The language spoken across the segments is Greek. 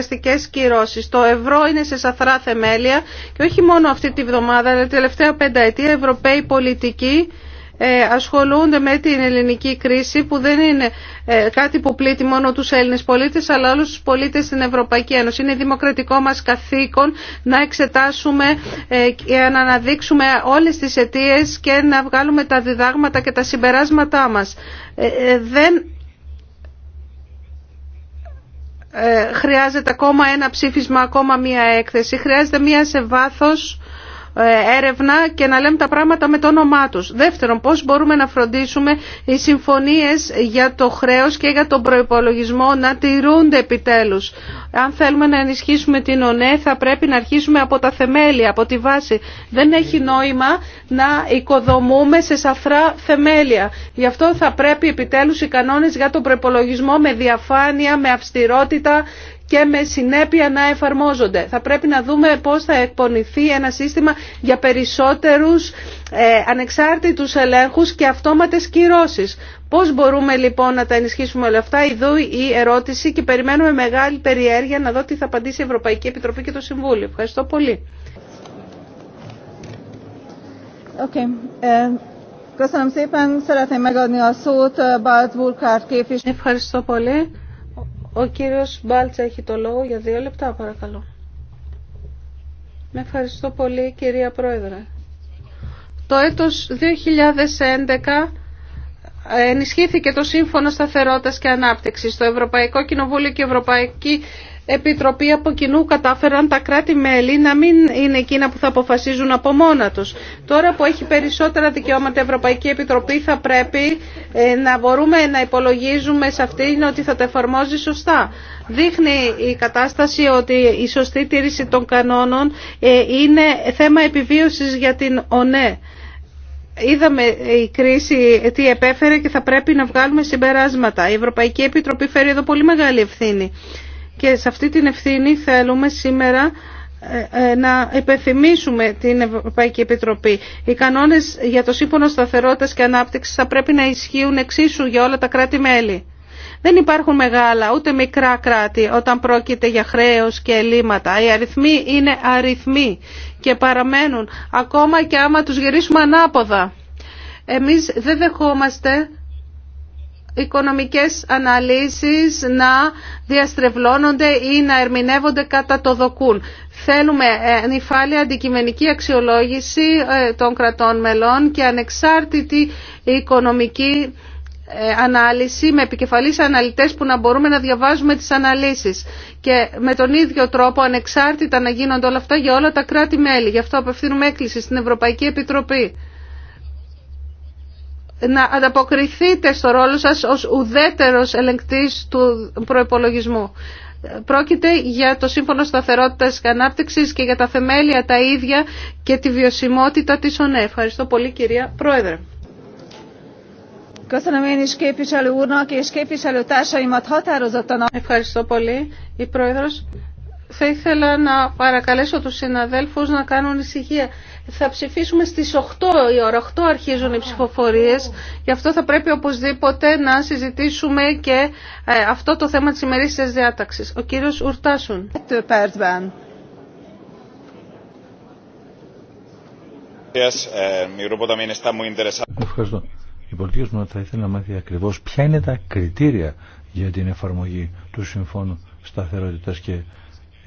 αστικές κυρώσεις. Το ευρώ είναι σε σαθρά θεμέλια και όχι μόνο αυτή τη βδομάδα, αλλά τελευταία πενταετία Ευρωπαίοι πολιτικοί ε, ασχολούνται με την ελληνική κρίση που δεν είναι ε, κάτι που πλήττει μόνο τους Έλληνες πολίτες αλλά όλους τους πολίτες στην Ευρωπαϊκή Ένωση. Είναι δημοκρατικό μας καθήκον να εξετάσουμε ε, και να αναδείξουμε όλες τις αιτίες και να βγάλουμε τα διδάγματα και τα συμπεράσματά μας. δεν ε, χρειάζεται ακόμα ένα ψήφισμα, ακόμα μία έκθεση. Χρειάζεται μία σε βάθος ε, έρευνα και να λέμε τα πράγματα με το όνομά τους. Δεύτερον, πώ μπορούμε να φροντίσουμε οι συμφωνίε για το χρέο και για τον προπολογισμό να τηρούνται επιτέλου. Αν θέλουμε να ενισχύσουμε την ΟΝΕ θα πρέπει να αρχίσουμε από τα θεμέλια, από τη βάση. Δεν έχει νόημα να οικοδομούμε σε σαφρά θεμέλια. Γι' αυτό θα πρέπει επιτέλου οι κανόνε για τον προπολογισμό με διαφάνεια, με αυστηρότητα και με συνέπεια να εφαρμόζονται. Θα πρέπει να δούμε πώς θα εκπονηθεί ένα σύστημα για περισσότερους ε, ανεξάρτητους ελέγχους και αυτόματες κυρώσεις. Πώς μπορούμε λοιπόν να τα ενισχύσουμε όλα αυτά, ειδού η ερώτηση και περιμένουμε μεγάλη περιέργεια να δω τι θα απαντήσει η Ευρωπαϊκή Επιτροπή και το Συμβούλιο. Ευχαριστώ πολύ. Okay. Ευχαριστώ πολύ. Ο κύριος Μπάλτσα έχει το λόγο για δύο λεπτά παρακαλώ. Με ευχαριστώ πολύ κυρία Πρόεδρε. Το έτος 2011 ενισχύθηκε το Σύμφωνο Σταθερότητας και Ανάπτυξης. Το Ευρωπαϊκό Κοινοβούλιο και η Ευρωπαϊκή επιτροπή από κοινού κατάφεραν τα κράτη-μέλη να μην είναι εκείνα που θα αποφασίζουν από μόνα τους. Τώρα που έχει περισσότερα δικαιώματα η Ευρωπαϊκή Επιτροπή θα πρέπει ε, να μπορούμε να υπολογίζουμε σε αυτήν ότι θα τα εφαρμόζει σωστά. Δείχνει η κατάσταση ότι η σωστή τήρηση των κανόνων ε, είναι θέμα επιβίωσης για την ΟΝΕ. Είδαμε ε, η κρίση τι επέφερε και θα πρέπει να βγάλουμε συμπεράσματα. Η Ευρωπαϊκή Επιτροπή φέρει εδώ πολύ μεγάλη ευθύνη. Και σε αυτή την ευθύνη θέλουμε σήμερα ε, ε, να υπενθυμίσουμε την Ευρωπαϊκή Επιτροπή. Οι κανόνες για το Σύμφωνο Σταθερότητας και Ανάπτυξης θα πρέπει να ισχύουν εξίσου για όλα τα κράτη-μέλη. Δεν υπάρχουν μεγάλα ούτε μικρά κράτη όταν πρόκειται για χρέος και ελλείμματα. Οι αριθμοί είναι αριθμοί και παραμένουν ακόμα και άμα τους γυρίσουμε ανάποδα. Εμείς δεν δεχόμαστε οικονομικές αναλύσεις να διαστρεβλώνονται ή να ερμηνεύονται κατά το δοκούν. Θέλουμε ε, νυφάλια αντικειμενική αξιολόγηση ε, των κρατών μελών και ανεξάρτητη οικονομική ε, ανάλυση με επικεφαλής αναλυτές που να μπορούμε να διαβάζουμε τις αναλύσεις και με τον ίδιο τρόπο ανεξάρτητα να γίνονται όλα αυτά για όλα τα κράτη-μέλη. Γι' αυτό απευθύνουμε έκκληση στην Ευρωπαϊκή Επιτροπή να ανταποκριθείτε στο ρόλο σας ως ουδέτερος ελεγκτής του προϋπολογισμού. Πρόκειται για το Σύμφωνο Σταθερότητας και Ανάπτυξης και για τα θεμέλια τα ίδια και τη βιωσιμότητα της ΟΝΕ. Ευχαριστώ πολύ κυρία Πρόεδρε. Ευχαριστώ πολύ η Πρόεδρος. Θα ήθελα να παρακαλέσω τους συναδέλφους να κάνουν ησυχία. Θα ψηφίσουμε στις 8 η ώρα. 8 αρχίζουν οι ψηφοφορίες. Γι' αυτό θα πρέπει οπωσδήποτε να συζητήσουμε και ε, αυτό το θέμα της ημερήσιας διάταξης. Ο κύριος Ουρτάσουν. Ε, Ευχαριστώ. Η πολιτική μου θα ήθελε να μάθει ακριβώς ποια είναι τα κριτήρια για την εφαρμογή του Συμφώνου Σταθερότητας και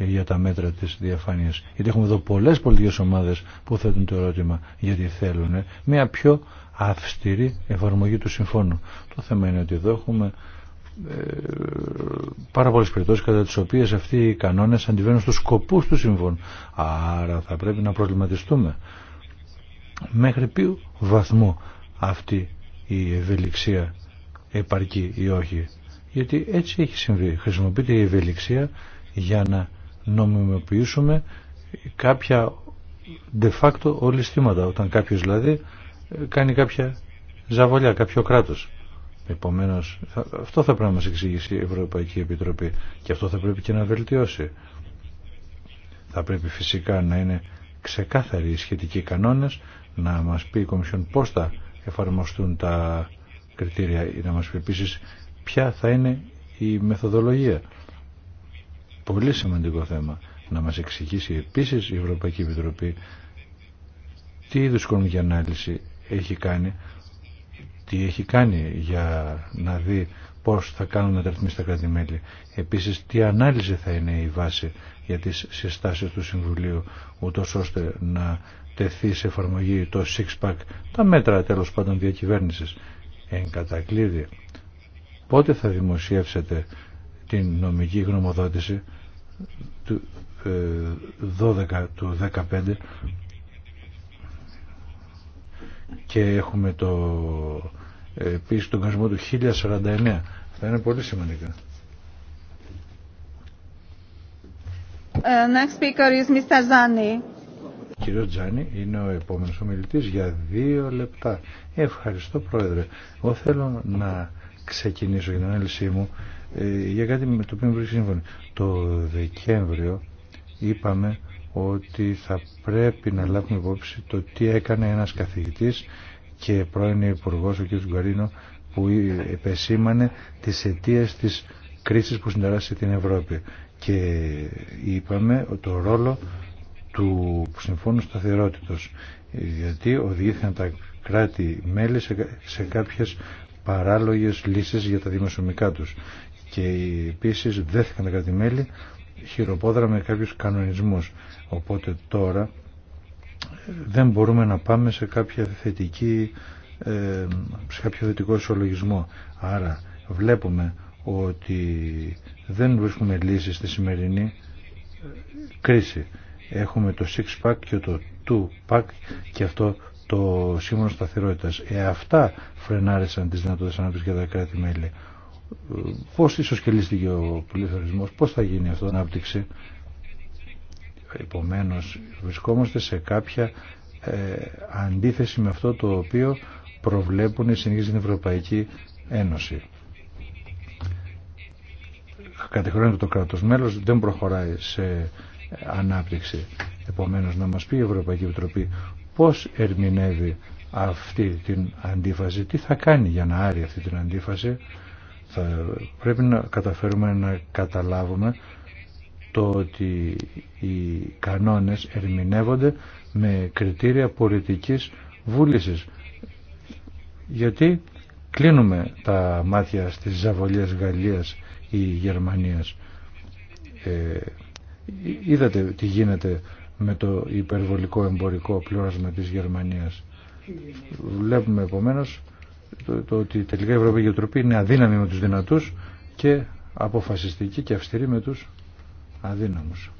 για τα μέτρα της διαφάνειας. Γιατί έχουμε εδώ πολλές πολιτικές ομάδες που θέτουν το ερώτημα γιατί θέλουν μια πιο αυστηρή εφαρμογή του συμφώνου. Το θέμα είναι ότι εδώ έχουμε ε, πάρα πολλές περιπτώσεις κατά τις οποίες αυτοί οι κανόνες αντιβαίνουν στους σκοπούς του συμφώνου. Άρα θα πρέπει να προβληματιστούμε μέχρι ποιο βαθμού αυτή η ευελιξία επαρκεί ή όχι. Γιατί έτσι έχει συμβεί. Χρησιμοποιείται η ευελιξία για να νομιμοποιήσουμε κάποια de facto στήματα, όταν κάποιος δηλαδή κάνει κάποια ζαβολιά, κάποιο κράτος. Επομένως, αυτό θα πρέπει να μας εξηγήσει η Ευρωπαϊκή Επιτροπή και αυτό θα πρέπει και να βελτιώσει. Θα πρέπει φυσικά να είναι ξεκάθαροι οι σχετικοί κανόνες, να μας πει η Κομισιόν πώς θα εφαρμοστούν τα κριτήρια ή να μας πει επίση ποια θα είναι η μεθοδολογία πολύ σημαντικό θέμα. Να μας εξηγήσει επίσης η Ευρωπαϊκή Επιτροπή τι είδους οικονομική ανάλυση έχει κάνει, τι έχει κάνει για να δει πώς θα κάνουν να τα τα κρατη Επίσης, τι ανάλυση θα είναι η βάση για τις συστάσεις του Συμβουλίου, ούτω ώστε να τεθεί σε εφαρμογή το six-pack, τα μέτρα τέλος πάντων διακυβέρνησης. Εν κατακλείδη, πότε θα δημοσιεύσετε την νομική γνωμοδότηση του 12 ε, του 15 και έχουμε το ε, επίση τον κασμό του 1049 αυτά είναι πολύ σημαντικά ε, next Κύριο Τζάνι είναι ο επόμενος ομιλητή για δύο λεπτά. Ευχαριστώ Πρόεδρε. Εγώ θέλω να ξεκινήσω για την ανάλυση μου ε, για κάτι με το οποίο βρίσκει σύμφωνο. Το Δεκέμβριο είπαμε ότι θα πρέπει να λάβουμε υπόψη το τι έκανε ένας καθηγητής και πρώην υπουργό ο κ. Γκαρίνο που ε, επεσήμανε τις αιτίες της κρίσης που συνταράσσει την Ευρώπη και είπαμε το ρόλο του Συμφώνου Σταθερότητος γιατί οδηγήθηκαν τα κράτη-μέλη σε, σε κάποιες παράλογες λύσεις για τα δημοσιομικά τους και επίση δέθηκαν τα κρατημέλη χειροπόδρα με κάποιους κανονισμούς. Οπότε τώρα ε, δεν μπορούμε να πάμε σε, κάποια θετική, ε, σε κάποιο θετικό ισολογισμό. Άρα βλέπουμε ότι δεν βρίσκουμε λύσεις στη σημερινή ε, κρίση. Έχουμε το six pack και το two pack και αυτό το σύμφωνο σταθερότητας. Ε, αυτά φρενάρισαν τις δυνατότητες ανάπτυξης για τα κράτη-μέλη πώς ισοσκελίστηκε ο πληθωρισμός, πώς θα γίνει αυτό η ανάπτυξη. Επομένως βρισκόμαστε σε κάποια ε, αντίθεση με αυτό το οποίο προβλέπουν οι συνήθειες στην Ευρωπαϊκή Ένωση. Κατεχρόνια το κράτος μέλος δεν προχωράει σε ανάπτυξη. Επομένως να μας πει η Ευρωπαϊκή Επιτροπή πώς ερμηνεύει αυτή την αντίφαση, τι θα κάνει για να άρει αυτή την αντίφαση θα πρέπει να καταφέρουμε να καταλάβουμε το ότι οι κανόνες ερμηνεύονται με κριτήρια πολιτικής βούλησης. Γιατί κλείνουμε τα μάτια στις ζαβολίες Γαλλίας ή Γερμανίας. Ε, είδατε τι γίνεται με το υπερβολικό εμπορικό πλούρασμα της Γερμανίας. Βλέπουμε επομένως το, το ότι τελικά η Ευρωπαϊκή Επιτροπή είναι αδύναμη με τους δυνατούς και αποφασιστική και αυστηρή με τους αδύναμους.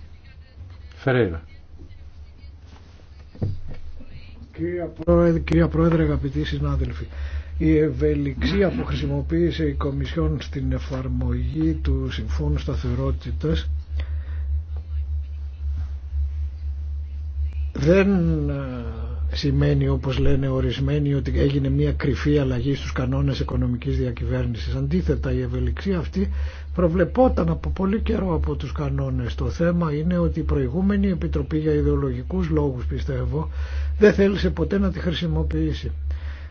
Φερέιρα. Κυρία Πρόεδρε, κυρία Πρόεδρε, αγαπητοί συνάδελφοι, η ευελιξία που χρησιμοποίησε η Κομισιόν στην εφαρμογή του Συμφώνου Σταθερότητας δεν ε, σημαίνει όπως λένε ορισμένοι ότι έγινε μια κρυφή αλλαγή στους κανόνες οικονομικής διακυβέρνησης. Αντίθετα η ευελιξία αυτή προβλεπόταν από πολύ καιρό από τους κανόνες. Το θέμα είναι ότι η προηγούμενη Επιτροπή για ιδεολογικούς λόγους πιστεύω δεν θέλησε ποτέ να τη χρησιμοποιήσει.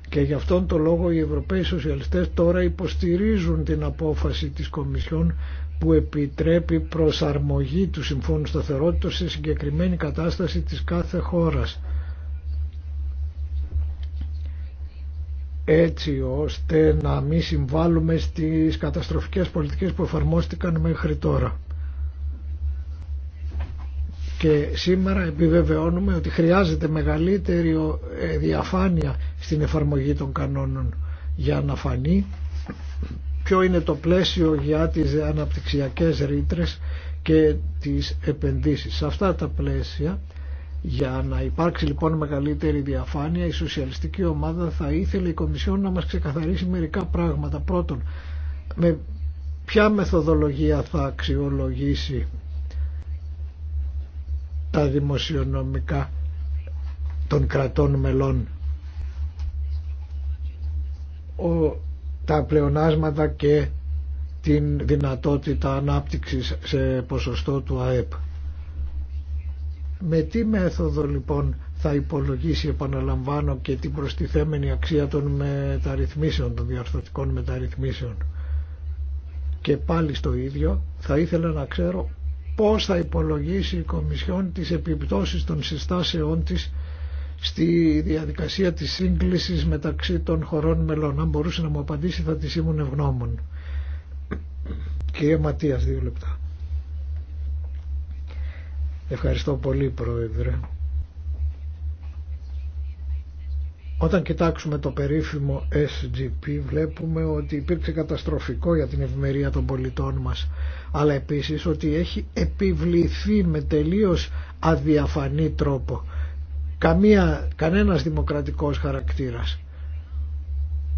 Και γι' αυτόν τον λόγο οι Ευρωπαίοι Σοσιαλιστές τώρα υποστηρίζουν την απόφαση της Κομισιόν που επιτρέπει προσαρμογή του Συμφώνου Σταθερότητας σε συγκεκριμένη κατάσταση της κάθε χώρας έτσι ώστε να μην συμβάλλουμε στις καταστροφικές πολιτικές που εφαρμόστηκαν μέχρι τώρα. Και σήμερα επιβεβαιώνουμε ότι χρειάζεται μεγαλύτερη ε, διαφάνεια στην εφαρμογή των κανόνων για να φανεί ποιο είναι το πλαίσιο για τις αναπτυξιακές ρήτρες και τις επενδύσεις. Σε αυτά τα πλαίσια για να υπάρξει λοιπόν μεγαλύτερη διαφάνεια η σοσιαλιστική ομάδα θα ήθελε η Κομισιόν να μας ξεκαθαρίσει μερικά πράγματα. Πρώτον, με ποια μεθοδολογία θα αξιολογήσει τα δημοσιονομικά των κρατών μελών ο, τα πλεονάσματα και την δυνατότητα ανάπτυξης σε ποσοστό του ΑΕΠ. Με τι μέθοδο λοιπόν θα υπολογίσει επαναλαμβάνω και την προστιθέμενη αξία των μεταρρυθμίσεων, των διαρθρωτικών μεταρρυθμίσεων. Και πάλι στο ίδιο θα ήθελα να ξέρω πώς θα υπολογίσει η Κομισιόν τις επιπτώσεις των συστάσεών της στη διαδικασία της σύγκλησης μεταξύ των χωρών μελών. Αν μπορούσε να μου απαντήσει θα της ήμουν ευγνώμων. Κύριε Ματίας, δύο λεπτά. Ευχαριστώ πολύ Πρόεδρε. Όταν κοιτάξουμε το περίφημο SGP βλέπουμε ότι υπήρξε καταστροφικό για την ευημερία των πολιτών μας αλλά επίσης ότι έχει επιβληθεί με τελείως αδιαφανή τρόπο Καμία, κανένας δημοκρατικός χαρακτήρας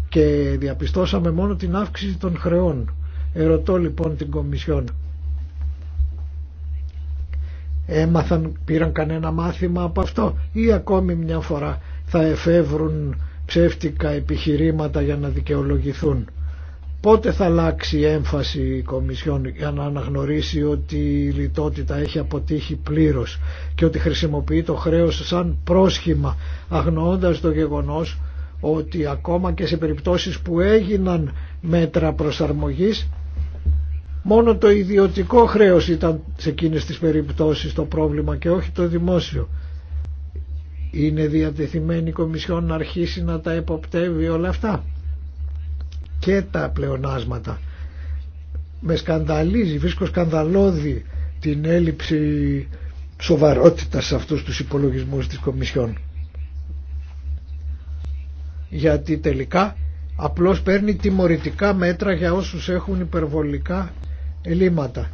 και διαπιστώσαμε μόνο την αύξηση των χρεών. Ερωτώ λοιπόν την Κομισιόν έμαθαν, πήραν κανένα μάθημα από αυτό ή ακόμη μια φορά θα εφεύρουν ψεύτικα επιχειρήματα για να δικαιολογηθούν. Πότε θα αλλάξει η έμφαση η Κομισιόν για να αναγνωρίσει ότι η λιτότητα έχει αποτύχει πλήρως και ότι χρησιμοποιεί το χρέος σαν πρόσχημα αγνοώντας το γεγονός ότι ακόμα και σε περιπτώσεις που έγιναν μέτρα προσαρμογής Μόνο το ιδιωτικό χρέος ήταν σε εκείνες τις περιπτώσεις το πρόβλημα και όχι το δημόσιο. Είναι διατεθειμένη η Κομισιόν να αρχίσει να τα εποπτεύει όλα αυτά και τα πλεονάσματα. Με σκανδαλίζει, βρίσκω σκανδαλώδη την έλλειψη σοβαρότητας σε αυτούς τους υπολογισμούς της Κομισιόν. Γιατί τελικά απλώς παίρνει τιμωρητικά μέτρα για όσους έχουν υπερβολικά ελλείμματα.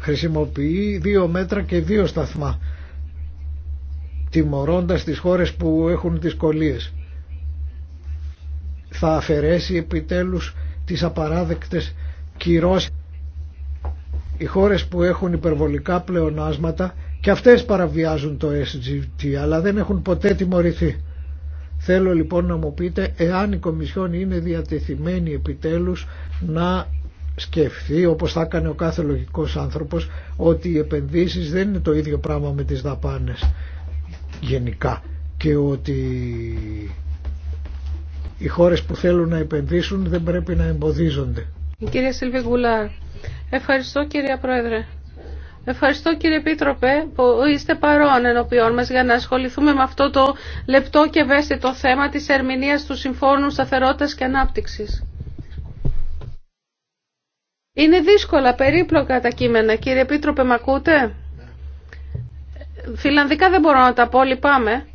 Χρησιμοποιεί δύο μέτρα και δύο σταθμά τιμωρώντας τις χώρες που έχουν δυσκολίες. Θα αφαιρέσει επιτέλους τις απαράδεκτες κυρώσεις. Οι χώρες που έχουν υπερβολικά πλεονάσματα και αυτές παραβιάζουν το SGT αλλά δεν έχουν ποτέ τιμωρηθεί. Θέλω λοιπόν να μου πείτε εάν η Κομισιόν είναι διατεθειμένη επιτέλους να σκεφτεί όπως θα έκανε ο κάθε λογικός άνθρωπος ότι οι επενδύσεις δεν είναι το ίδιο πράγμα με τις δαπάνες γενικά και ότι οι χώρες που θέλουν να επενδύσουν δεν πρέπει να εμποδίζονται. Κυρία Σιλβιγούλα, ευχαριστώ κυρία Πρόεδρε. Ευχαριστώ κύριε Επίτροπε που είστε παρόν ενώπιόν μας για να ασχοληθούμε με αυτό το λεπτό και ευαίσθητο θέμα της ερμηνείας του Συμφώνου Σταθερότητας και Ανάπτυξης. Είναι δύσκολα, περίπλοκα τα κείμενα. Κύριε Επίτροπε, με ακούτε? Φιλανδικά δεν μπορώ να τα πω, λυπάμαι.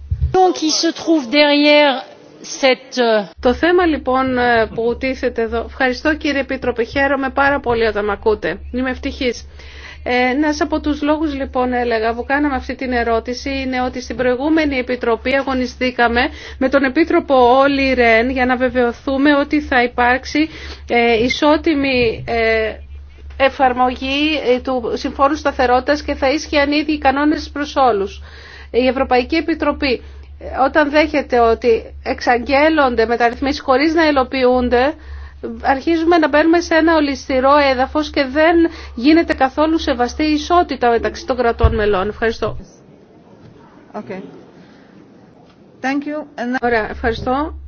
Euh, το θέμα λοιπόν ε, που τίθεται εδώ, ευχαριστώ κύριε Επίτροπε, χαίρομαι πάρα πολύ όταν με ακούτε. Είμαι ευτυχής. Ένα από τους λόγους λοιπόν έλεγα που κάναμε αυτή την ερώτηση είναι ότι στην προηγούμενη επιτροπή αγωνιστήκαμε με τον Επίτροπο Όλη Ρεν για να βεβαιωθούμε ότι θα υπάρξει ε, ισότιμη ε, εφαρμογή ε, του Συμφώνου Σταθερότητας και θα ίσχυαν ήδη οι κανόνες προς όλους. Η Ευρωπαϊκή Επιτροπή όταν δέχεται ότι εξαγγέλλονται μεταρρυθμίσεις χωρίς να υλοποιούνται αρχίζουμε να μπαίνουμε σε ένα ολιστηρό έδαφος και δεν γίνεται καθόλου σεβαστή ισότητα μεταξύ των κρατών μελών. Ευχαριστώ. Okay. Thank you. Ωραία, ευχαριστώ.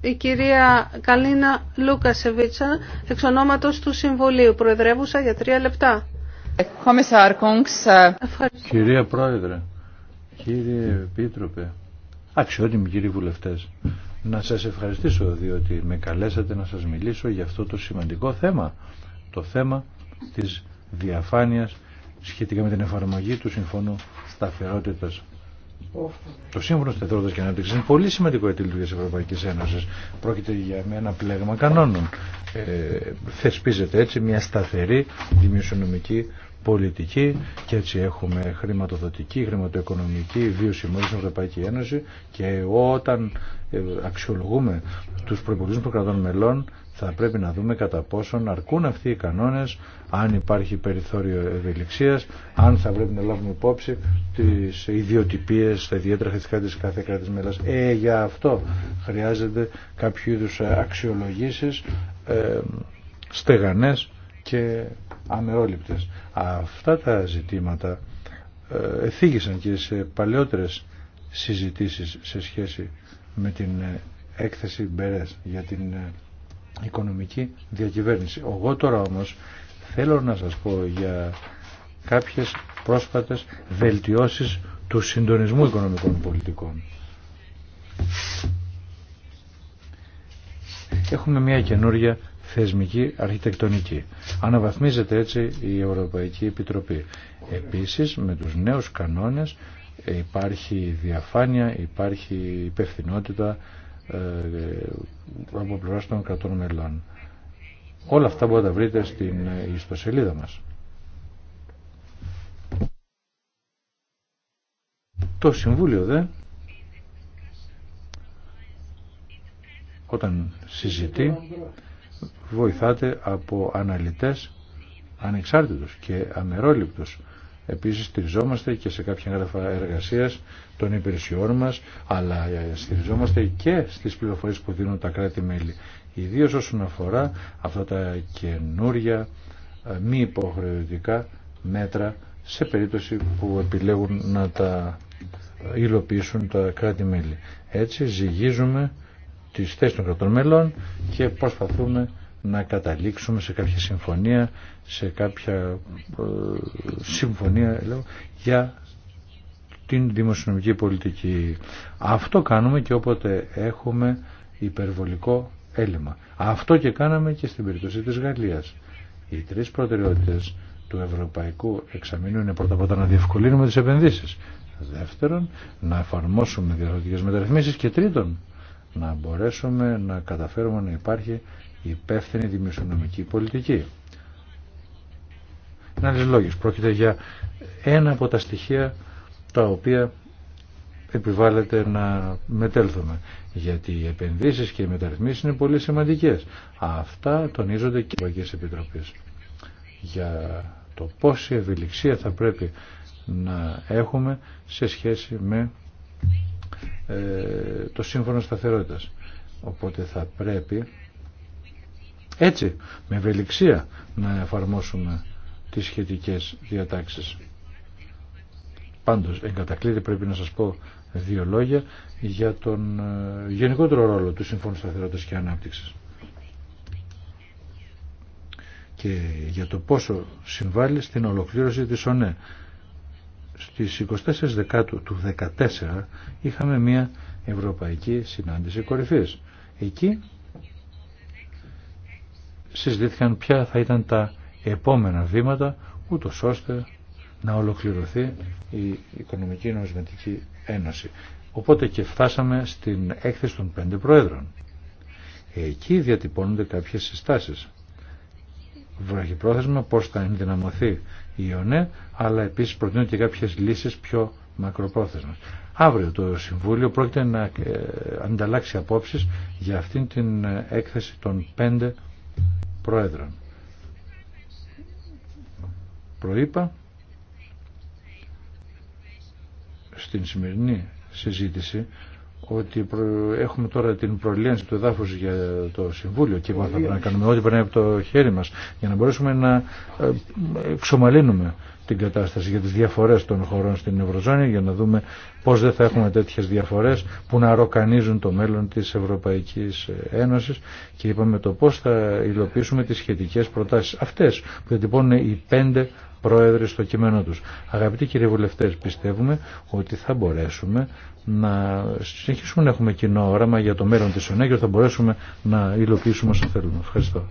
Η κυρία Καλίνα Λούκασεβίτσα, εξ ονόματος του Συμβουλίου, προεδρεύουσα για τρία λεπτά. Ε, κυρία Πρόεδρε, κύριε Επίτροπε, αξιότιμοι κύριοι βουλευτές, να σας ευχαριστήσω διότι με καλέσατε να σας μιλήσω για αυτό το σημαντικό θέμα το θέμα της διαφάνειας σχετικά με την εφαρμογή του Συμφώνου Σταθερότητας το Σύμφωνο Σταθερότητας και Ανάπτυξης είναι πολύ σημαντικό για τη λειτουργία της Ευρωπαϊκής Ένωσης πρόκειται για ένα πλέγμα κανόνων ε, θεσπίζεται έτσι μια σταθερή δημιουργική πολιτική και έτσι έχουμε χρηματοδοτική, χρηματοοικονομική μόλις στην Ευρωπαϊκή Ένωση και όταν ε, αξιολογούμε τους προϋπολογισμούς των κρατών μελών θα πρέπει να δούμε κατά πόσον αρκούν αυτοί οι κανόνες, αν υπάρχει περιθώριο ευελιξίας, αν θα πρέπει να λάβουμε υπόψη τις ιδιοτυπίες, τα ιδιαίτερα χαριστικά της κάθε κράτης μέλας. Ε, για αυτό χρειάζεται κάποιο είδου αξιολογήσεις, ε, στεγανές, και αμερόληπτες. Αυτά τα ζητήματα ε, εθίγησαν και σε παλαιότερες συζητήσεις σε σχέση με την ε, έκθεση Μπερές για την ε, οικονομική διακυβέρνηση. Εγώ τώρα όμως θέλω να σας πω για κάποιες πρόσφατες βελτιώσεις του συντονισμού οικονομικών πολιτικών. Έχουμε μια καινούρια θεσμική αρχιτεκτονική. Αναβαθμίζεται έτσι η Ευρωπαϊκή Επιτροπή. Επίσης με τους νέους κανόνες ε, υπάρχει διαφάνεια, υπάρχει υπευθυνότητα ε, από πλευρά των κρατών μελών. Όλα αυτά μπορείτε να βρείτε στην ε, ιστοσελίδα μας. Το Συμβούλιο δε όταν συζητεί βοηθάτε από αναλυτές ανεξάρτητους και αμερόληπτους. Επίσης στηριζόμαστε και σε κάποια έγγραφα εργασίας των υπηρεσιών μας, αλλά στηριζόμαστε και στις πληροφορίες που δίνουν τα κράτη-μέλη. Ιδίως όσον αφορά αυτά τα καινούρια ε, μη υποχρεωτικά μέτρα σε περίπτωση που επιλέγουν να τα υλοποιήσουν τα κράτη-μέλη. Έτσι ζυγίζουμε τις θέσεις των κρατών μελών και προσπαθούμε να καταλήξουμε σε κάποια συμφωνία, σε κάποια ε, συμφωνία λέω, για την δημοσιονομική πολιτική. Αυτό κάνουμε και όποτε έχουμε υπερβολικό έλλειμμα. Αυτό και κάναμε και στην περίπτωση της Γαλλίας. Οι τρεις προτεραιότητες του Ευρωπαϊκού Εξαμήνου είναι πρώτα απ' να διευκολύνουμε τις επενδύσεις. Δεύτερον, να εφαρμόσουμε διαφορετικές μεταρρυθμίσεις και τρίτον, να μπορέσουμε να καταφέρουμε να υπάρχει υπεύθυνη δημοσιονομική πολιτική. Είναι άλλες λόγες. Πρόκειται για ένα από τα στοιχεία τα οποία επιβάλλεται να μετέλθουμε. Γιατί οι επενδύσεις και οι μεταρρυθμίσεις είναι πολύ σημαντικές. Αυτά τονίζονται και οι Ευρωπαϊκές Επιτροπές. Για το πόση ευελιξία θα πρέπει να έχουμε σε σχέση με ε, το σύμφωνο σταθερότητας. Οπότε θα πρέπει έτσι με ευελιξία να εφαρμόσουμε τις σχετικές διατάξεις. Πάντως, εγκατακλείδη πρέπει να σας πω δύο λόγια για τον ε, γενικότερο ρόλο του Συμφώνου Σταθερότητας και Ανάπτυξης και για το πόσο συμβάλλει στην ολοκλήρωση της ΟΝΕ στις 24 Δεκάτου του 2014 είχαμε μια ευρωπαϊκή συνάντηση κορυφής. Εκεί συζητήθηκαν ποια θα ήταν τα επόμενα βήματα ούτω ώστε να ολοκληρωθεί η Οικονομική Νομισματική Ένωση. Οπότε και φτάσαμε στην έκθεση των πέντε πρόεδρων. Εκεί διατυπώνονται κάποιες συστάσεις βραχυπρόθεσμα, πώς θα ενδυναμωθεί η ΙΟΝΕ, αλλά επίσης προτείνω και κάποιες λύσεις πιο μακροπρόθεσμες. Αύριο το Συμβούλιο πρόκειται να ε, ανταλλάξει απόψεις για αυτήν την έκθεση των πέντε Προέδρων. Προείπα στην σημερινή συζήτηση ότι έχουμε τώρα την προλίανση του εδάφους για το Συμβούλιο και θα πρέπει να κάνουμε ό,τι πρέπει από το χέρι μας για να μπορέσουμε να ε, ε, εξομαλύνουμε την κατάσταση για τις διαφορές των χωρών στην Ευρωζώνη για να δούμε πώς δεν θα έχουμε τέτοιες διαφορές που να ροκανίζουν το μέλλον της Ευρωπαϊκής Ένωσης και είπαμε το πώς θα υλοποιήσουμε τις σχετικές προτάσεις αυτές που διατυπώνουν οι πέντε πρόεδροι στο κείμενό τους. Αγαπητοί κύριε βουλευτές, πιστεύουμε ότι θα μπορέσουμε να συνεχίσουμε να έχουμε κοινό όραμα για το μέλλον της ΟΝΕ και θα μπορέσουμε να υλοποιήσουμε όσο θέλουμε. Ευχαριστώ.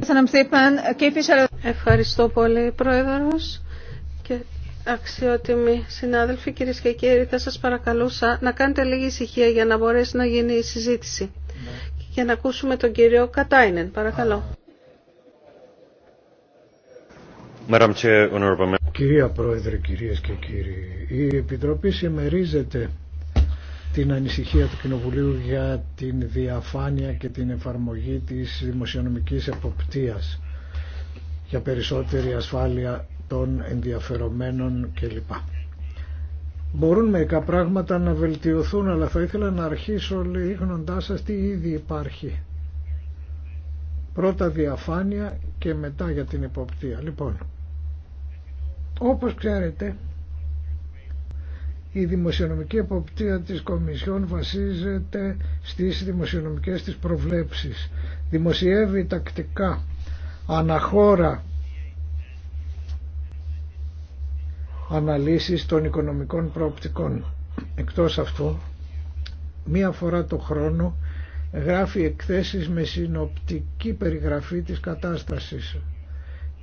Ευχαριστώ πολύ, Πρόεδρος. Και αξιότιμοι συνάδελφοι, κυρίες και κύριοι, θα σας παρακαλούσα να κάνετε λίγη ησυχία για να μπορέσει να γίνει η συζήτηση. Ναι. και να ακούσουμε τον κύριο Κατάινεν, παρακαλώ. Κυρία Πρόεδρε, κυρίες και κύριοι, η Επιτροπή συμμερίζεται την ανησυχία του Κοινοβουλίου για την διαφάνεια και την εφαρμογή της δημοσιονομικής εποπτείας για περισσότερη ασφάλεια των ενδιαφερομένων κλπ. Μπορούν μερικά πράγματα να βελτιωθούν, αλλά θα ήθελα να αρχίσω λίγνοντάς σας τι ήδη υπάρχει. Πρώτα διαφάνεια και μετά για την υποπτία. Λοιπόν, όπως ξέρετε, η δημοσιονομική εποπτεία της Κομισιόν βασίζεται στις δημοσιονομικές της προβλέψεις. Δημοσιεύει τακτικά αναχώρα αναλύσεις των οικονομικών προοπτικών. Εκτός αυτού, μία φορά το χρόνο γράφει εκθέσεις με συνοπτική περιγραφή της κατάστασης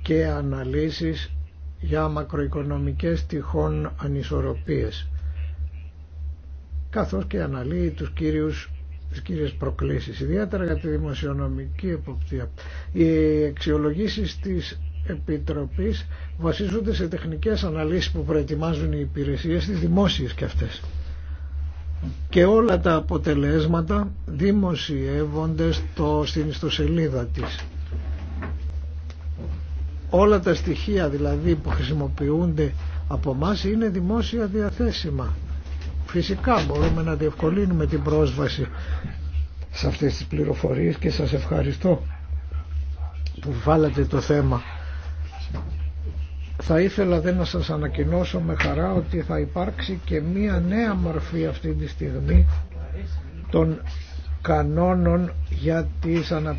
και αναλύσεις για μακροοικονομικές τυχόν ανισορροπίες καθώς και αναλύει τους κύριους τις κύριες προκλήσεις, ιδιαίτερα για τη δημοσιονομική εποπτεία. Οι αξιολογήσει της Επιτροπής βασίζονται σε τεχνικές αναλύσεις που προετοιμάζουν οι υπηρεσίες τις δημόσιες και αυτές. Και όλα τα αποτελέσματα δημοσιεύονται στο, στην ιστοσελίδα της. Όλα τα στοιχεία δηλαδή που χρησιμοποιούνται από εμά είναι δημόσια διαθέσιμα. Φυσικά μπορούμε να διευκολύνουμε την πρόσβαση σε αυτές τις πληροφορίες και σας ευχαριστώ που βάλατε το θέμα θα ήθελα δεν να σας ανακοινώσω με χαρά ότι θα υπάρξει και μία νέα μορφή αυτή τη στιγμή των κανόνων για, τις ανα...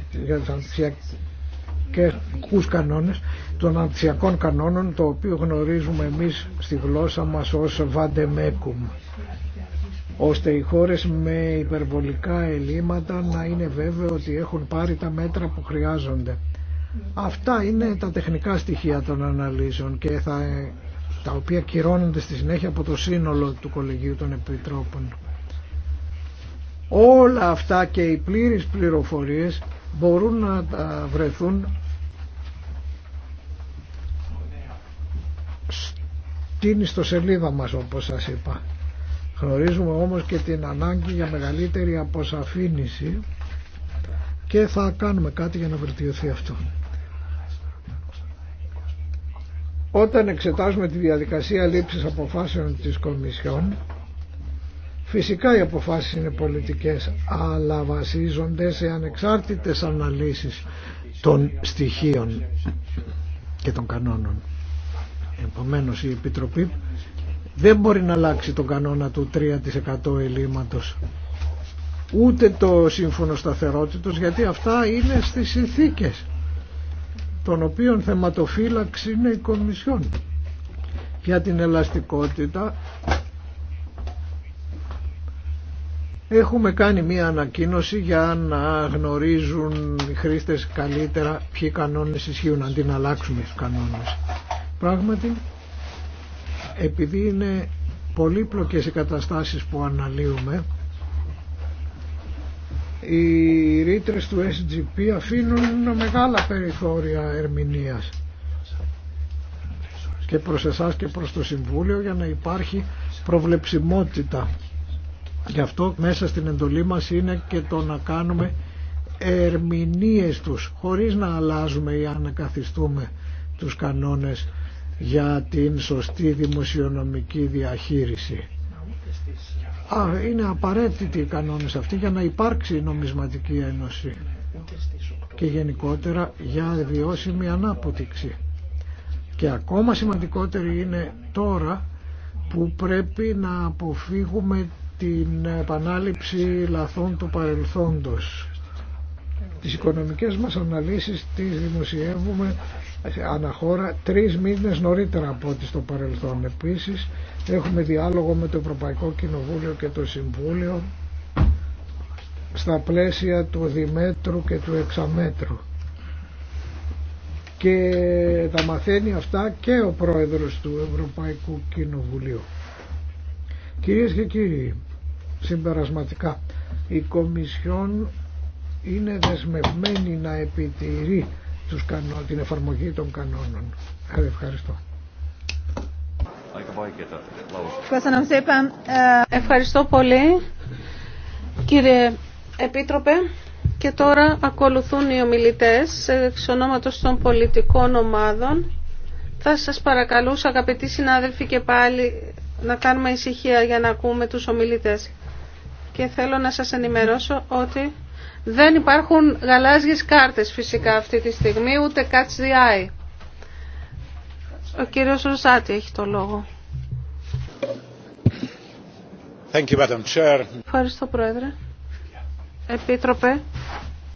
κανόνες, των αναπτυξιακών κανόνων, το οποίο γνωρίζουμε εμείς στη γλώσσα μας ως βαντεμέκουμ ώστε οι χώρες με υπερβολικά ελλείμματα να είναι βέβαιο ότι έχουν πάρει τα μέτρα που χρειάζονται. Αυτά είναι τα τεχνικά στοιχεία των αναλύσεων και θα, τα οποία κυρώνονται στη συνέχεια από το σύνολο του Κολεγίου των Επιτρόπων. Όλα αυτά και οι πλήρεις πληροφορίες μπορούν να βρεθούν στην ιστοσελίδα μας όπως σας είπα. Γνωρίζουμε όμως και την ανάγκη για μεγαλύτερη αποσαφήνιση και θα κάνουμε κάτι για να βελτιωθεί αυτό. Όταν εξετάζουμε τη διαδικασία λήψης αποφάσεων της Κομισιόν, φυσικά οι αποφάσεις είναι πολιτικές, αλλά βασίζονται σε ανεξάρτητες αναλύσεις των στοιχείων και των κανόνων. Επομένως η Επιτροπή δεν μπορεί να αλλάξει τον κανόνα του 3% ελλείμματος ούτε το σύμφωνο σταθερότητος γιατί αυτά είναι στις συνθήκες τον οποίον θεματοφύλαξη είναι η Κομισιόν για την ελαστικότητα έχουμε κάνει μία ανακοίνωση για να γνωρίζουν οι χρήστες καλύτερα ποιοι κανόνες ισχύουν αντί να αλλάξουμε τους κανόνες πράγματι επειδή είναι πολύπλοκες οι καταστάσεις που αναλύουμε οι ρήτρε του SGP αφήνουν μεγάλα περιθώρια ερμηνείας και προς εσάς και προς το Συμβούλιο για να υπάρχει προβλεψιμότητα. Γι' αυτό μέσα στην εντολή μας είναι και το να κάνουμε ερμηνείες τους χωρίς να αλλάζουμε ή ανακαθιστούμε τους κανόνες για την σωστή δημοσιονομική διαχείριση. Α, είναι απαραίτητοι οι κανόνε αυτοί για να υπάρξει η νομισματική ένωση και γενικότερα για βιώσιμη ανάποτηξη. Και ακόμα σημαντικότερη είναι τώρα που πρέπει να αποφύγουμε την επανάληψη λαθών του παρελθόντος τις οικονομικές μας αναλύσεις τις δημοσιεύουμε αναχώρα τρεις μήνες νωρίτερα από ό,τι στο παρελθόν. Επίσης έχουμε διάλογο με το Ευρωπαϊκό Κοινοβούλιο και το Συμβούλιο στα πλαίσια του διμέτρου και του εξαμέτρου. Και τα μαθαίνει αυτά και ο πρόεδρος του Ευρωπαϊκού Κοινοβουλίου. Κυρίε και κύριοι, συμπερασματικά, η Κομισιόν είναι δεσμευμένη να επιτηρεί τους κανό την εφαρμογή των κανόνων. Ευχαριστώ. Ε, ευχαριστώ πολύ κύριε Επίτροπε και τώρα ακολουθούν οι ομιλητές εξ ονόματος των πολιτικών ομάδων. Θα σας παρακαλούσα αγαπητοί συνάδελφοι και πάλι να κάνουμε ησυχία για να ακούμε τους ομιλητές. Και θέλω να σας ενημερώσω ότι δεν υπάρχουν γαλάζιες κάρτες φυσικά αυτή τη στιγμή, ούτε catch the eye. Ο κύριος Ρωσάτη έχει το λόγο. Thank you, Madam Chair. Ευχαριστώ, Πρόεδρε. Επίτροπε,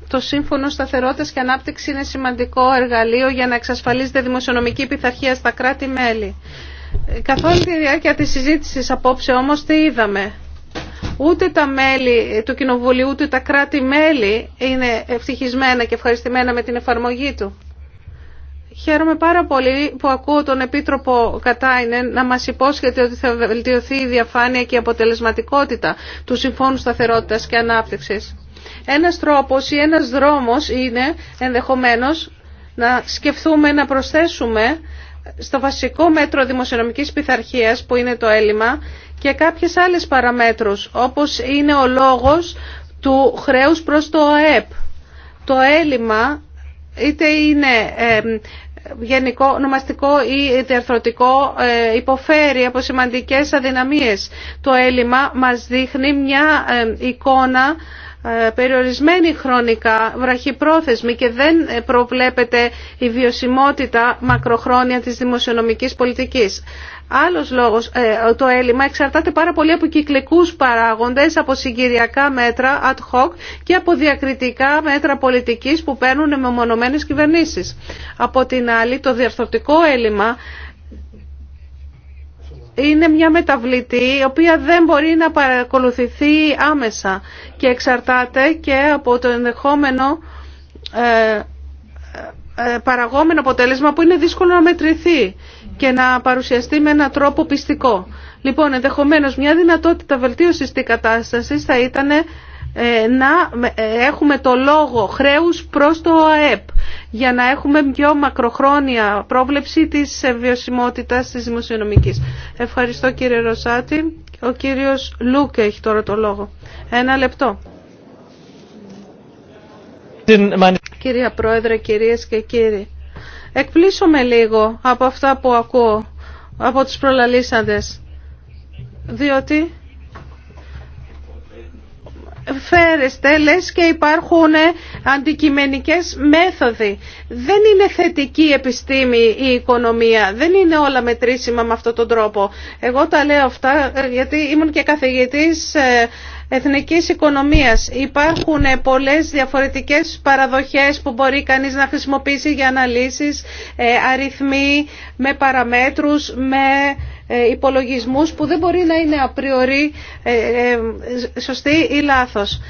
το Σύμφωνο Σταθερότητας και Ανάπτυξη είναι σημαντικό εργαλείο για να εξασφαλίζεται δημοσιονομική πειθαρχία στα κράτη-μέλη. Ε, καθ' τη διάρκεια της συζήτησης απόψε όμως τι είδαμε. Ούτε τα μέλη του Κοινοβουλίου, ούτε τα κράτη-μέλη είναι ευτυχισμένα και ευχαριστημένα με την εφαρμογή του. Χαίρομαι πάρα πολύ που ακούω τον Επίτροπο Κατάινεν να μας υπόσχεται ότι θα βελτιωθεί η διαφάνεια και η αποτελεσματικότητα του Συμφώνου Σταθερότητας και Ανάπτυξης. Ένας τρόπος ή ένας δρόμος είναι ενδεχομένως να σκεφτούμε να προσθέσουμε στο βασικό μέτρο δημοσιονομικής πειθαρχία που είναι το έλλειμμα και κάποιες άλλες παραμέτρους όπως είναι ο λόγος του χρέους προς το ΕΕΠ. Το έλλειμμα είτε είναι γενικό, νομαστικό ή διαρθρωτικό ε, υποφέρει από σημαντικές αδυναμίες. Το έλλειμμα μας δείχνει μια εικόνα ε, περιορισμένη χρονικά, βραχυπρόθεσμη και δεν προβλέπεται η βιωσιμότητα μακροχρόνια της δημοσιονομικής πολιτικής. Άλλος λόγος, ε, το έλλειμμα εξαρτάται πάρα πολύ από κυκλικούς παράγοντες, από συγκυριακά μέτρα ad hoc και από διακριτικά μέτρα πολιτικής που παίρνουν μεμονωμένες κυβερνήσεις. Από την άλλη, το διαρθρωτικό έλλειμμα είναι μια μεταβλητή η οποία δεν μπορεί να παρακολουθηθεί άμεσα και εξαρτάται και από το ενδεχόμενο ε, ε, ε, παραγόμενο αποτέλεσμα που είναι δύσκολο να μετρηθεί και να παρουσιαστεί με έναν τρόπο πιστικό. Λοιπόν, ενδεχομένως μια δυνατότητα βελτίωσης της κατάστασης θα ήταν ε, να ε, έχουμε το λόγο χρέους προς το ΑΕΠ για να έχουμε πιο μακροχρόνια πρόβλεψη της βιωσιμότητας της δημοσιονομικής. Ευχαριστώ κύριε Ρωσάτη. Ο κύριος Λούκ έχει τώρα το λόγο. Ένα λεπτό. Κυρία Πρόεδρε, κυρίες και κύριοι, με λίγο από αυτά που ακούω από τους προλαλήσαντες, διότι φέρεστε λες και υπάρχουν αντικειμενικές μέθοδοι. Δεν είναι θετική επιστήμη η οικονομία. Δεν είναι όλα μετρήσιμα με αυτόν τον τρόπο. Εγώ τα λέω αυτά ε, γιατί ήμουν και καθηγητής ε, εθνικής οικονομίας. Υπάρχουν πολλές διαφορετικές παραδοχές που μπορεί κανείς να χρησιμοποιήσει για αναλύσεις, ε, αριθμοί με παραμέτρους, με ε, υπολογισμούς που δεν μπορεί να είναι απριορή ε, ε, σωστή ή λάθος.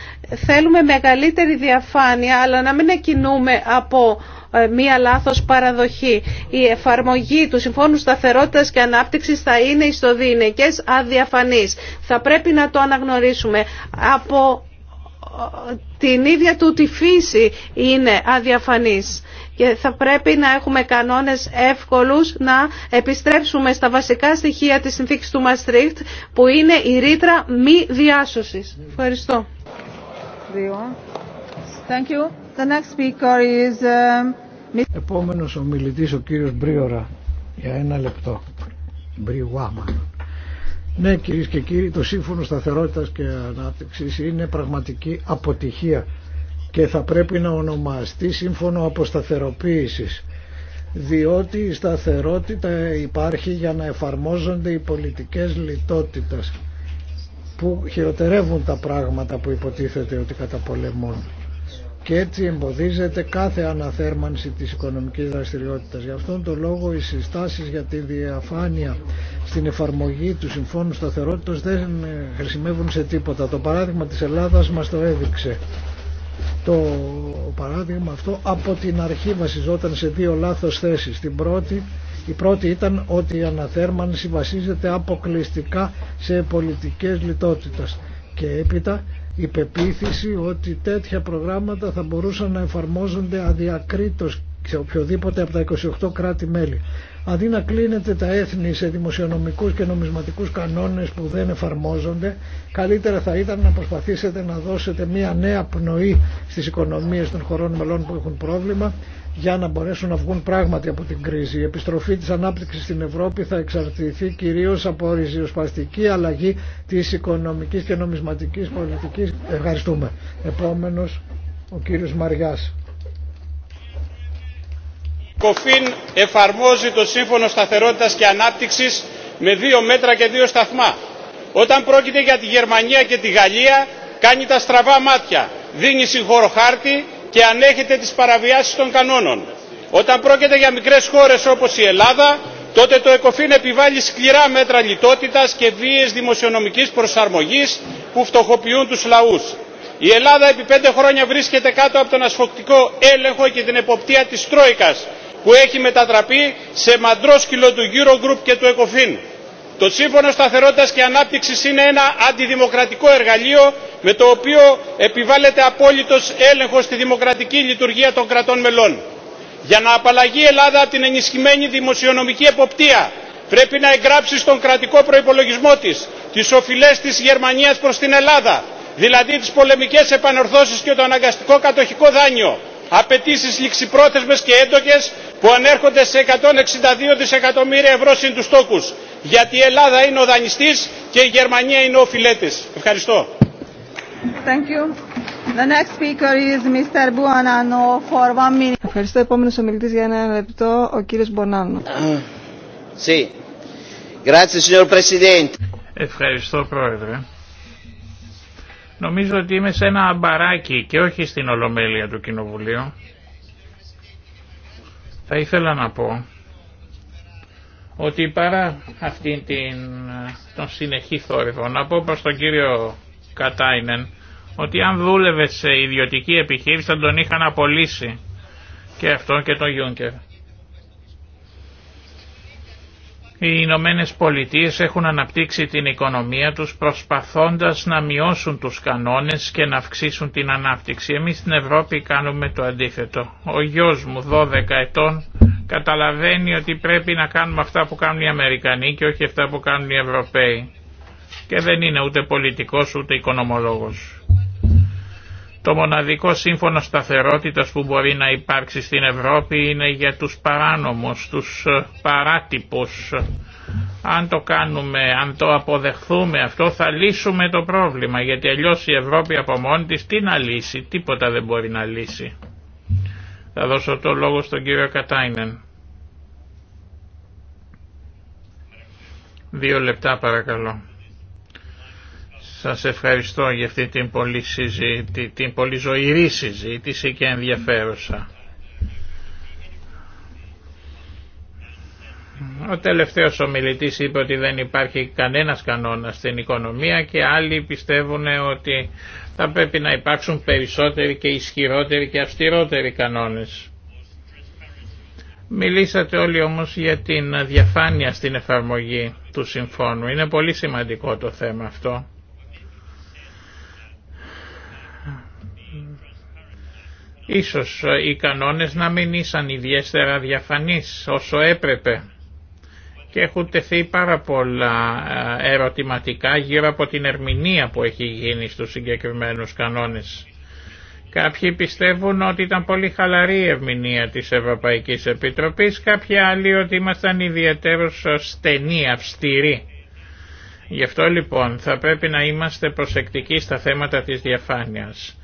Θέλουμε μεγαλύτερη διαφάνεια αλλά να μην εκινούμε από μία λάθος παραδοχή. Η εφαρμογή του Συμφώνου Σταθερότητας και Ανάπτυξης θα είναι ιστοδυναικές αδιαφανής. Θα πρέπει να το αναγνωρίσουμε. Από την ίδια του τη φύση είναι αδιαφανής και θα πρέπει να έχουμε κανόνες εύκολους να επιστρέψουμε στα βασικά στοιχεία της συνθήκης του Μαστρίχτ που είναι η ρήτρα μη διάσωσης. Ευχαριστώ. Thank you. The uh, ο κύριος Μπρίωρα για ένα λεπτό. Μπριουάμα. Ναι κυρίες και κύριοι το Σύμφωνο Σταθερότητας και Ανάπτυξης είναι πραγματική αποτυχία και θα πρέπει να ονομαστεί σύμφωνο αποσταθεροποίησης διότι η σταθερότητα υπάρχει για να εφαρμόζονται οι πολιτικές λιτότητας που χειροτερεύουν τα πράγματα που υποτίθεται ότι καταπολεμούν και έτσι εμποδίζεται κάθε αναθέρμανση της οικονομικής δραστηριότητας. Γι' αυτόν τον λόγο οι συστάσεις για τη διαφάνεια στην εφαρμογή του Συμφώνου Σταθερότητας δεν χρησιμεύουν σε τίποτα. Το παράδειγμα της Ελλάδας μας το έδειξε. Το παράδειγμα αυτό από την αρχή βασιζόταν σε δύο λάθος θέσεις. Την πρώτη, η πρώτη ήταν ότι η αναθέρμανση βασίζεται αποκλειστικά σε πολιτικές λιτότητας και έπειτα η πεποίθηση ότι τέτοια προγράμματα θα μπορούσαν να εφαρμόζονται αδιακρίτως σε οποιοδήποτε από τα 28 κράτη-μέλη αντί να κλείνετε τα έθνη σε δημοσιονομικούς και νομισματικούς κανόνες που δεν εφαρμόζονται, καλύτερα θα ήταν να προσπαθήσετε να δώσετε μια νέα πνοή στις οικονομίες των χωρών μελών που έχουν πρόβλημα για να μπορέσουν να βγουν πράγματι από την κρίση. Η επιστροφή της ανάπτυξης στην Ευρώπη θα εξαρτηθεί κυρίως από ριζιοσπαστική αλλαγή της οικονομικής και νομισματικής πολιτικής. Ευχαριστούμε. Επόμενος ο κύριος Μαριάς. Κοφίν εφαρμόζει το Σύμφωνο Σταθερότητας και Ανάπτυξης με δύο μέτρα και δύο σταθμά. Όταν πρόκειται για τη Γερμανία και τη Γαλλία κάνει τα στραβά μάτια, δίνει συγχώρο χάρτη και ανέχεται τις παραβιάσεις των κανόνων. Όταν πρόκειται για μικρές χώρες όπως η Ελλάδα τότε το ΕΚΟΦΗΝ επιβάλλει σκληρά μέτρα λιτότητας και βίες δημοσιονομικής προσαρμογής που φτωχοποιούν τους λαούς. Η Ελλάδα επί πέντε χρόνια βρίσκεται κάτω από τον ασφοκτικό έλεγχο και την εποπτεία της Τρόικας που έχει μετατραπεί σε σκυλό του Eurogroup και του ECOFIN. Το Σύμφωνο Σταθερότητας και Ανάπτυξης είναι ένα αντιδημοκρατικό εργαλείο με το οποίο επιβάλλεται απόλυτος έλεγχος στη δημοκρατική λειτουργία των κρατών μελών. Για να απαλλαγεί η Ελλάδα από την ενισχυμένη δημοσιονομική εποπτεία πρέπει να εγγράψει στον κρατικό προϋπολογισμό της τις οφειλές της Γερμανίας προς την Ελλάδα, δηλαδή τις πολεμικές επανορθώσεις και το αναγκαστικό κατοχικό δάνειο απαιτήσει ληξιπρόθεσμε και έντοκε που ανέρχονται σε 162 δισεκατομμύρια ευρώ συν του Γιατί η Ελλάδα είναι ο δανειστή και η Γερμανία είναι ο φιλέτη. Ευχαριστώ. Thank you. The next Ευχαριστώ. Επόμενο ομιλητή για ένα λεπτό, ο κύριο Μπονάνο. Ευχαριστώ, Πρόεδρε. Νομίζω ότι είμαι σε ένα αμπαράκι και όχι στην Ολομέλεια του Κοινοβουλίου. Θα ήθελα να πω ότι παρά αυτήν την, τον συνεχή θόρυβο, να πω προς τον κύριο Κατάινεν ότι αν δούλευε σε ιδιωτική επιχείρηση θα τον είχαν απολύσει και αυτόν και τον Γιούνκερ. Οι Ηνωμένε Πολιτείε έχουν αναπτύξει την οικονομία τους προσπαθώντας να μειώσουν τους κανόνες και να αυξήσουν την ανάπτυξη. Εμείς στην Ευρώπη κάνουμε το αντίθετο. Ο γιος μου 12 ετών καταλαβαίνει ότι πρέπει να κάνουμε αυτά που κάνουν οι Αμερικανοί και όχι αυτά που κάνουν οι Ευρωπαίοι. Και δεν είναι ούτε πολιτικός ούτε οικονομολόγος. Το μοναδικό σύμφωνο σταθερότητας που μπορεί να υπάρξει στην Ευρώπη είναι για τους παράνομους, τους ε, παράτυπους. Αν το κάνουμε, αν το αποδεχθούμε αυτό θα λύσουμε το πρόβλημα γιατί αλλιώς η Ευρώπη από μόνη της τι να λύσει, τίποτα δεν μπορεί να λύσει. Θα δώσω το λόγο στον κύριο Κατάινεν. Δύο λεπτά παρακαλώ. Σας ευχαριστώ για αυτή την πολύ, την πολύ ζωηρή συζήτηση και ενδιαφέρουσα. Ο τελευταίος ομιλητής είπε ότι δεν υπάρχει κανένας κανόνας στην οικονομία και άλλοι πιστεύουν ότι θα πρέπει να υπάρξουν περισσότεροι και ισχυρότεροι και αυστηρότεροι κανόνες. Μιλήσατε όλοι όμως για την διαφάνεια στην εφαρμογή του συμφώνου. Είναι πολύ σημαντικό το θέμα αυτό. Ίσως ε, οι κανόνες να μην ήσαν ιδιαίτερα διαφανείς όσο έπρεπε και έχουν τεθεί πάρα πολλά ε, ερωτηματικά γύρω από την ερμηνεία που έχει γίνει στους συγκεκριμένους κανόνες. Κάποιοι πιστεύουν ότι ήταν πολύ χαλαρή η ερμηνεία της Ευρωπαϊκής Επιτροπής, κάποιοι άλλοι ότι ήμασταν ιδιαίτερος ε, στενοί, αυστηροί. Γι' αυτό λοιπόν θα πρέπει να είμαστε προσεκτικοί στα θέματα της διαφάνειας.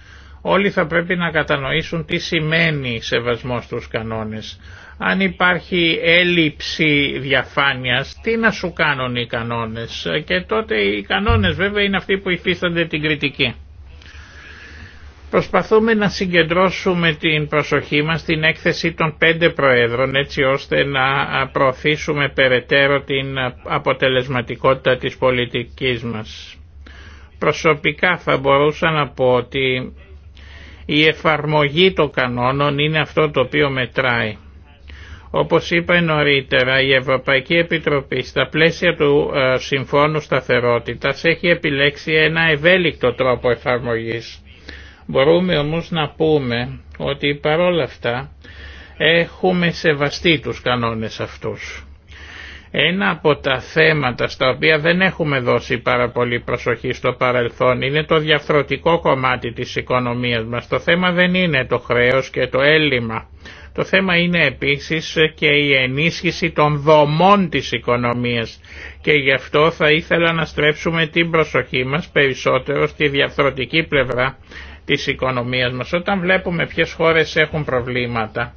Όλοι θα πρέπει να κατανοήσουν τι σημαίνει σεβασμός στους κανόνες. Αν υπάρχει έλλειψη διαφάνειας, τι να σου κάνουν οι κανόνες. Και τότε οι κανόνες βέβαια είναι αυτοί που υφίστανται την κριτική. Προσπαθούμε να συγκεντρώσουμε την προσοχή μας στην έκθεση των πέντε προέδρων έτσι ώστε να προωθήσουμε περαιτέρω την αποτελεσματικότητα της πολιτικής μας. Προσωπικά θα μπορούσα να πω ότι η εφαρμογή των κανόνων είναι αυτό το οποίο μετράει. Όπως είπα νωρίτερα, η Ευρωπαϊκή Επιτροπή στα πλαίσια του ε, Συμφώνου Σταθερότητας έχει επιλέξει ένα ευέλικτο τρόπο εφαρμογής. Μπορούμε όμως να πούμε ότι παρόλα αυτά έχουμε σεβαστεί τους κανόνες αυτούς. Ένα από τα θέματα στα οποία δεν έχουμε δώσει πάρα πολύ προσοχή στο παρελθόν είναι το διαφθρωτικό κομμάτι της οικονομίας μας. Το θέμα δεν είναι το χρέος και το έλλειμμα. Το θέμα είναι επίσης και η ενίσχυση των δομών της οικονομίας και γι' αυτό θα ήθελα να στρέψουμε την προσοχή μας περισσότερο στη διαφθρωτική πλευρά της οικονομίας μας. Όταν βλέπουμε ποιες χώρες έχουν προβλήματα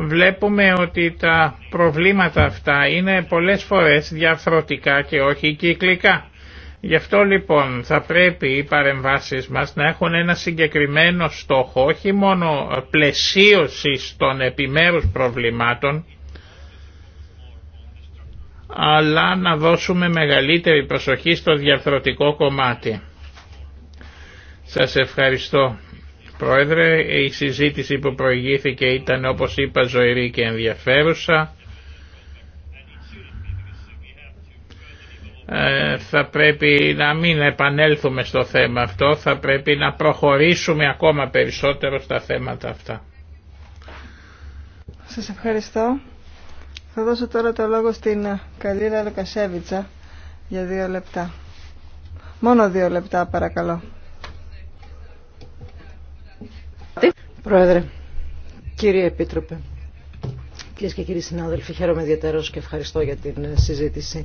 βλέπουμε ότι τα προβλήματα αυτά είναι πολλές φορές διαφθρωτικά και όχι κυκλικά. Γι' αυτό λοιπόν θα πρέπει οι παρεμβάσεις μας να έχουν ένα συγκεκριμένο στόχο, όχι μόνο πλαισίωση των επιμέρους προβλημάτων, αλλά να δώσουμε μεγαλύτερη προσοχή στο διαφθρωτικό κομμάτι. Σας ευχαριστώ. Πρόεδρε, η συζήτηση που προηγήθηκε ήταν όπως είπα ζωηρή και ενδιαφέρουσα. Ε, θα πρέπει να μην επανέλθουμε στο θέμα αυτό, θα πρέπει να προχωρήσουμε ακόμα περισσότερο στα θέματα αυτά. Σας ευχαριστώ. Θα δώσω τώρα το λόγο στην Καλίνα Λουκασέβιτσα για δύο λεπτά. Μόνο δύο λεπτά παρακαλώ. Πρόεδρε, κύριε Επίτροπε, κυρίε και κύριοι συνάδελφοι, χαίρομαι ιδιαίτερω και ευχαριστώ για την συζήτηση,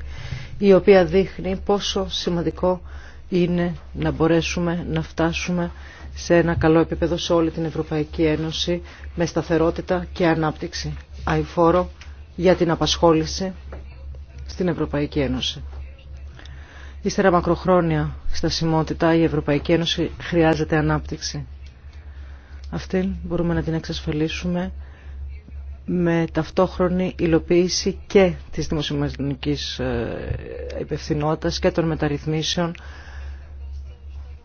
η οποία δείχνει πόσο σημαντικό είναι να μπορέσουμε να φτάσουμε σε ένα καλό επίπεδο σε όλη την Ευρωπαϊκή Ένωση με σταθερότητα και ανάπτυξη αηφόρο για την απασχόληση στην Ευρωπαϊκή Ένωση. Ύστερα μακροχρόνια στασιμότητα η Ευρωπαϊκή Ένωση χρειάζεται ανάπτυξη. Αυτή μπορούμε να την εξασφαλίσουμε με ταυτόχρονη υλοποίηση και της δημοσιονομικής ε, υπευθυνότητας και των μεταρρυθμίσεων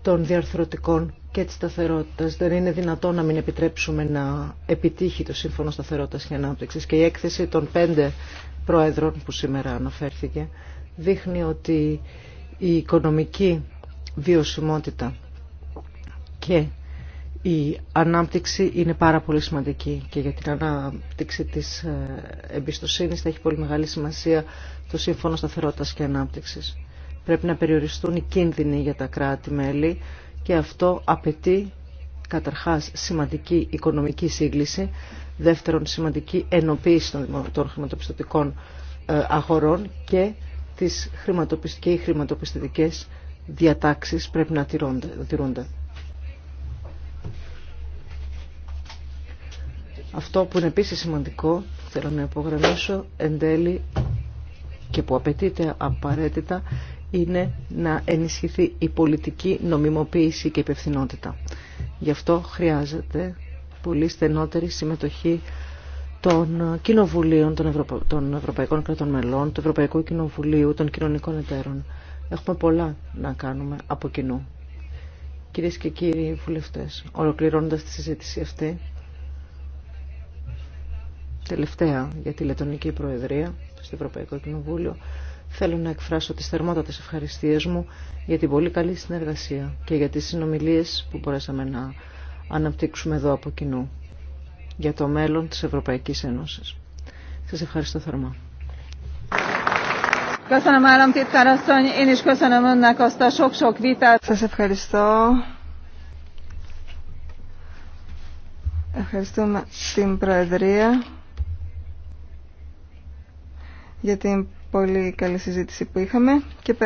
των διαρθρωτικών και της σταθερότητας. Δεν είναι δυνατόν να μην επιτρέψουμε να επιτύχει το Σύμφωνο Σταθερότητας και Ανάπτυξης και η έκθεση των πέντε πρόεδρων που σήμερα αναφέρθηκε δείχνει ότι η οικονομική βιωσιμότητα και η ανάπτυξη είναι πάρα πολύ σημαντική και για την ανάπτυξη της ε, εμπιστοσύνης θα έχει πολύ μεγάλη σημασία το Σύμφωνο Σταθερότητας και Ανάπτυξης. Πρέπει να περιοριστούν οι κίνδυνοι για τα κράτη-μέλη και αυτό απαιτεί καταρχάς σημαντική οικονομική σύγκληση, δεύτερον σημαντική ενοποίηση των χρηματοπιστωτικών ε, αγορών και τις χρηματοπιστικές διατάξεις πρέπει να τηρούνται. Αυτό που είναι επίσης σημαντικό, θέλω να υπογραμμίσω, εν τέλει και που απαιτείται απαραίτητα, είναι να ενισχυθεί η πολιτική νομιμοποίηση και υπευθυνότητα. Γι' αυτό χρειάζεται πολύ στενότερη συμμετοχή των κοινοβουλίων των, των Ευρωπαϊκών Κρατών Μελών, του Ευρωπαϊκού Κοινοβουλίου, των κοινωνικών εταίρων. Έχουμε πολλά να κάνουμε από κοινού. Κυρίες και κύριοι βουλευτές, ολοκληρώνοντας τη συζήτηση αυτή, τελευταία για τη Λετωνική Προεδρία στο Ευρωπαϊκό Κοινοβούλιο, θέλω να εκφράσω τις θερμότατες ευχαριστίες μου για την πολύ καλή συνεργασία και για τις συνομιλίες που μπορέσαμε να αναπτύξουμε εδώ από κοινού για το μέλλον της Ευρωπαϊκής Ένωσης. Σας ευχαριστώ θερμά. Σας ευχαριστώ. Ευχαριστούμε την Προεδρία για την πολύ καλή συζήτηση που είχαμε και